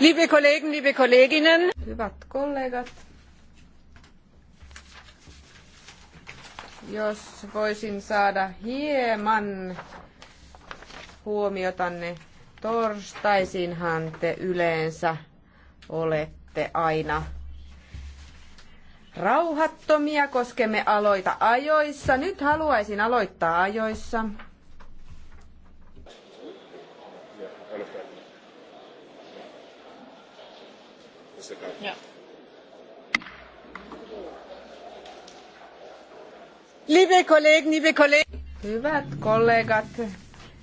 Liebe Kollegen, liebe Kolleginnen. Hyvät kollegat, jos voisin saada hieman huomiotanne. Torstaisinhan te yleensä olette aina rauhattomia, koska me aloita ajoissa. Nyt haluaisin aloittaa ajoissa. Yeah. Liebe Kollegen, liebe Kollegen. Hyvät kollegat,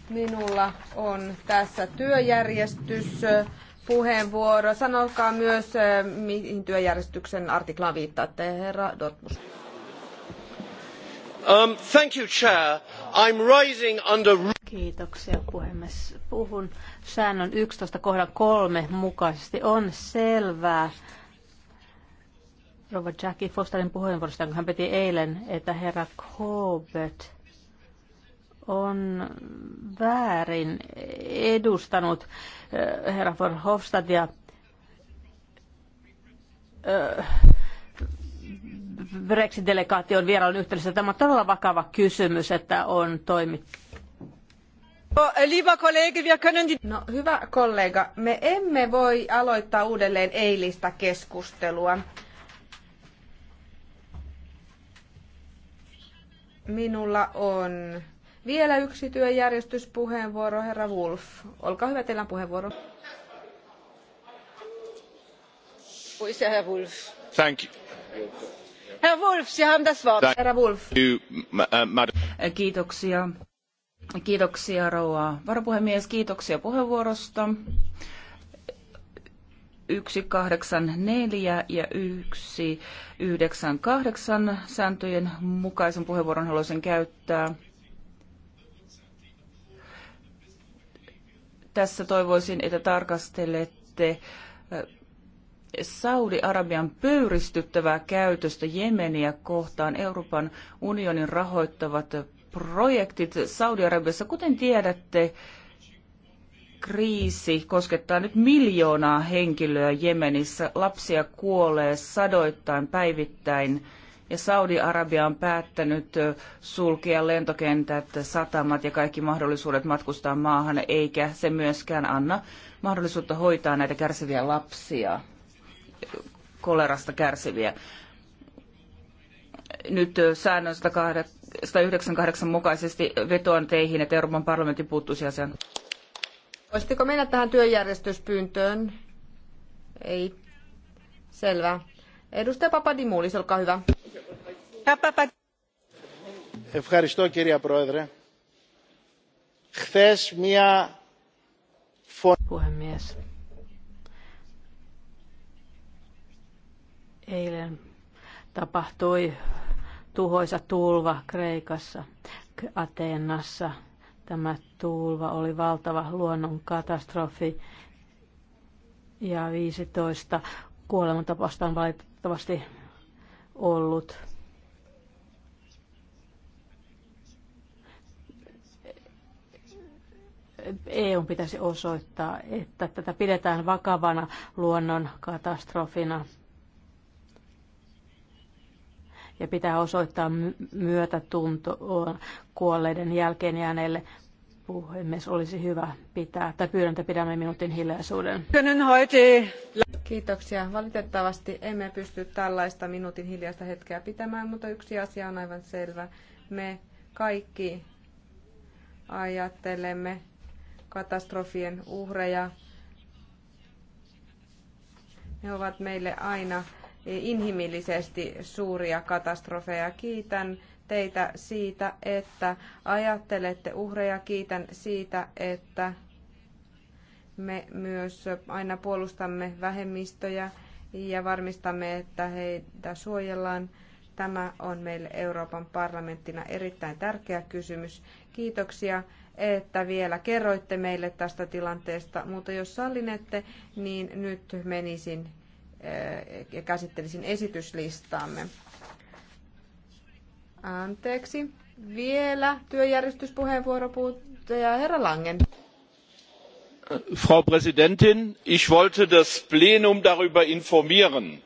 minulla on tässä työjärjestys puheenvuoro. Sanokaa myös, eh, mihin työjärjestyksen artiklaan viittaatte, herra Dortmus. Um, thank you, Chair. I'm rising under... Kiitoksia puhemies. Puhun säännön 11 kohdan 3 mukaisesti. On selvää, Rova Jackie Fosterin puheenvuorosta, kun hän piti eilen, että herra Corbett on väärin edustanut eh, herra Hofstadia eh, Brexit-delegaation vierailun yhteydessä. Tämä on todella vakava kysymys, että on toimittu Oh, no, hyvä kollega, me emme voi aloittaa uudelleen eilistä keskustelua. Minulla on vielä yksi työjärjestyspuheenvuoro, herra Wolf. Olkaa hyvä, teillä on puheenvuoro. Herr Wolf. Thank you. Herr Wolf, Sie haben das Wort. Herra Wolf. Uh, Kiitoksia. Kiitoksia rouva varapuhemies, kiitoksia puheenvuorosta. 184 ja 198 sääntöjen mukaisen puheenvuoron haluaisin käyttää. Tässä toivoisin, että tarkastelette äh, Saudi-Arabian pöyristyttävää käytöstä Jemeniä kohtaan Euroopan unionin rahoittavat projektit Saudi-Arabiassa. Kuten tiedätte, kriisi koskettaa nyt miljoonaa henkilöä Jemenissä. Lapsia kuolee sadoittain päivittäin ja Saudi-Arabia on päättänyt sulkea lentokentät, satamat ja kaikki mahdollisuudet matkustaa maahan, eikä se myöskään anna mahdollisuutta hoitaa näitä kärsiviä lapsia, kolerasta kärsiviä nyt säännön 198 mukaisesti vetoan teihin, että Euroopan parlamentti puuttuisi asiaan. Voisitteko mennä tähän työjärjestyspyyntöön? Ei. Selvä. Edustaja Papadimulis, olkaa hyvä. Ευχαριστώ κυρία Πρόεδρε. Χθες μία Puhemies. Eilen tapahtui tuhoisa tulva Kreikassa, Ateenassa. Tämä tulva oli valtava luonnon katastrofi ja 15 kuolemantapausta on valitettavasti ollut. EU pitäisi osoittaa, että tätä pidetään vakavana luonnon katastrofina ja pitää osoittaa myötätuntoa kuolleiden jälkeen jääneille. Puhemies, olisi hyvä pitää, tai pyydän, että pidämme minuutin hiljaisuuden. Kiitoksia. Valitettavasti emme pysty tällaista minuutin hiljaista hetkeä pitämään, mutta yksi asia on aivan selvä. Me kaikki ajattelemme katastrofien uhreja. Ne ovat meille aina inhimillisesti suuria katastrofeja. Kiitän teitä siitä, että ajattelette uhreja. Kiitän siitä, että me myös aina puolustamme vähemmistöjä ja varmistamme, että heitä suojellaan. Tämä on meille Euroopan parlamenttina erittäin tärkeä kysymys. Kiitoksia, että vielä kerroitte meille tästä tilanteesta, mutta jos sallinette, niin nyt menisin ja äh, käsittelisin esityslistaamme. Anteeksi. Vielä työjärjestyspuheenvuoro puuttuja herra Langen. Frau Präsidentin, ich wollte das Plenum darüber informieren.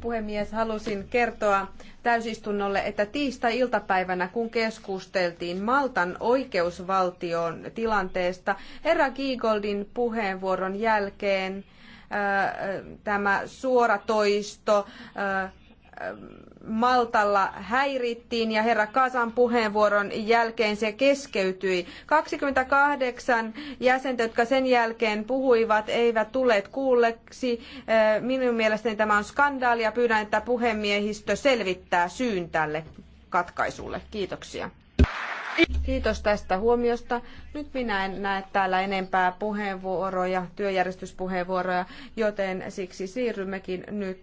Puhemies, halusin kertoa täysistunnolle, että tiistai-iltapäivänä, kun keskusteltiin Maltan oikeusvaltion tilanteesta, herra Giegoldin puheenvuoron jälkeen Äh, äh, tämä suoratoisto äh, Maltalla häirittiin ja herra Kasan puheenvuoron jälkeen se keskeytyi. 28 jäsentä, jotka sen jälkeen puhuivat, eivät tulleet kuulleksi. Minun mielestäni tämä on skandaali ja pyydän, että puhemiehistö selvittää syyn tälle katkaisulle. Kiitoksia. Kiitos tästä huomiosta. Nyt minä en näe täällä enempää puheenvuoroja, työjärjestyspuheenvuoroja, joten siksi siirrymmekin nyt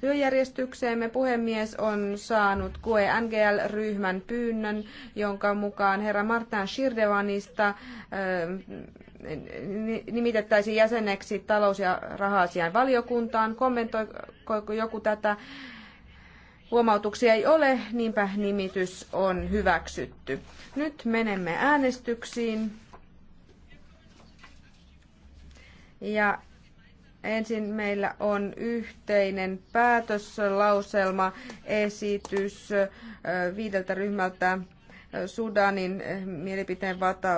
työjärjestykseemme. Puhemies on saanut QE NGL-ryhmän pyynnön, jonka mukaan herra Martin Shirdevanista nimitettäisiin jäseneksi talous- ja raha-asian valiokuntaan. Kommentoiko joku tätä? Huomautuksia ei ole, niinpä nimitys on hyväksytty. Nyt menemme äänestyksiin. Ja ensin meillä on yhteinen päätöslauselma esitys viideltä ryhmältä Sudanin mielipiteen vata